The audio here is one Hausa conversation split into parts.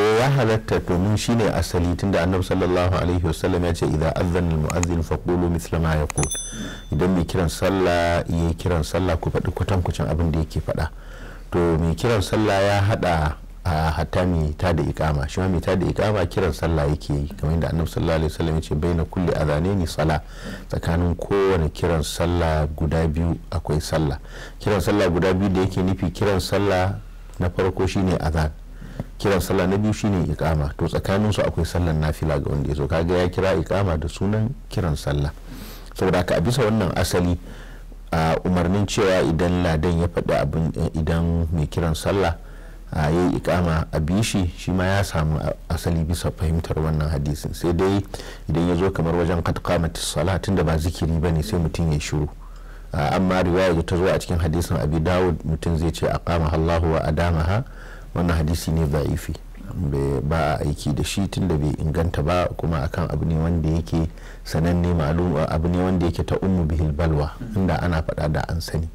ya halatta domin shine asali tun da annabi sallallahu alaihi wasallam ya ce idan azan mu'azzin fa qulu mithla ma yaqul idan mai kiran sallah yayi kiran sallah ku faɗi cin abin da yake faɗa to mai kiran sallah ya hada a hatta mai ta da ikama shi ma mai ta da ikama kiran sallah yake yi kamar yadda annabi sallallahu alaihi wasallam ce baina kulli azanaini sala tsakanin kowane kiran sallah guda biyu akwai sallah kiran sallah guda biyu da yake nufi kiran sallah na farko shine azan kiran sallah na biyu shine ikama to tsakanin su akwai sallar nafila ga wanda ya zo kaga ya kira ikama da sunan kiran sallah saboda haka a bisa wannan asali a umarnin cewa idan ladan ya faɗi abin idan mai kiran sallah ya yi ikama a bishi shi ma ya samu asali bisa fahimtar wannan hadisin sai dai idan ya zo kamar wajen katkamata sala tunda ba zikiri ba ne sai mutum ya shiru amma riwaya ta zo a cikin hadisin abi dawud mutum zai ce a kama allahu wa adamaha wannan hadisi ne za'ifi ba a aiki da shi tun da bai inganta ba kuma akan abu ne wanda yake sananne malum abu ne wanda yake ta umu bihil balwa inda ana fada da an sani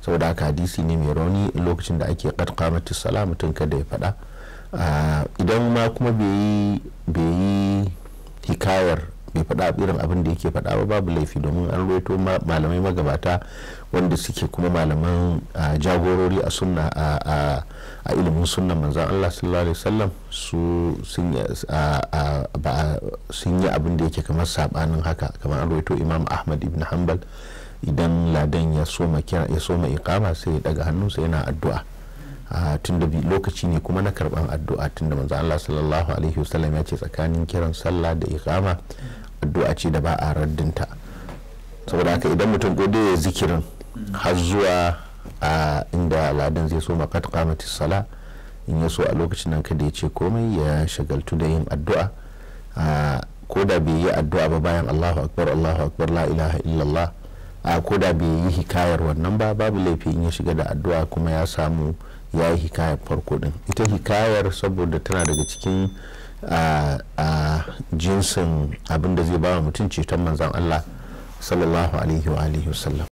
saboda haka hadisi ne mai rauni lokacin da ake qad qamati sala mutum kada ya fada ah, idan ma kuma bai yi hikayar bai faɗa irin abin da yake faɗa ba babu laifi domin an ruwaito malamai magabata wanda suke kuma malaman jagorori a sunna a ilimin sunna manzan Allah sallallahu alaihi wasallam su sun yi abin da yake kamar sabanin haka kamar an ruwaito Imam Ahmad ibn Hanbal idan ladan ya soma kira ya soma iqama sai ya daga hannunsa yana addu'a tun da lokaci ne kuma na karban addu'a tun da manzo Allah sallallahu alaihi wasallam ya ce tsakanin kiran sallah da iqama addu'a ce da ba a raddinta saboda haka idan mutum gode ya zikirin har zuwa a inda aladun zai so makat kamati sala in ya so a lokacin nan kada ya ce komai ya shagaltu da yin addu'a ko da bai yi addu'a ba bayan allahu akbar allahu akbar la ilaha illallah a ko da bai yi hikayar wannan ba babu laifi in ya shiga da addu'a kuma ya samu ya yi hikayar farko din ita hikayar saboda tana daga cikin a jinsin abin da zai ba mutum ceton manzan Allah sallallahu alaihi wa alihi wasallam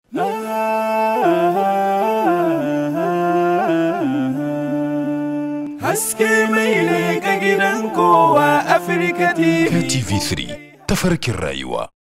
haske mai ne ga gidan kowa afirka tv3 tafarkin rayuwa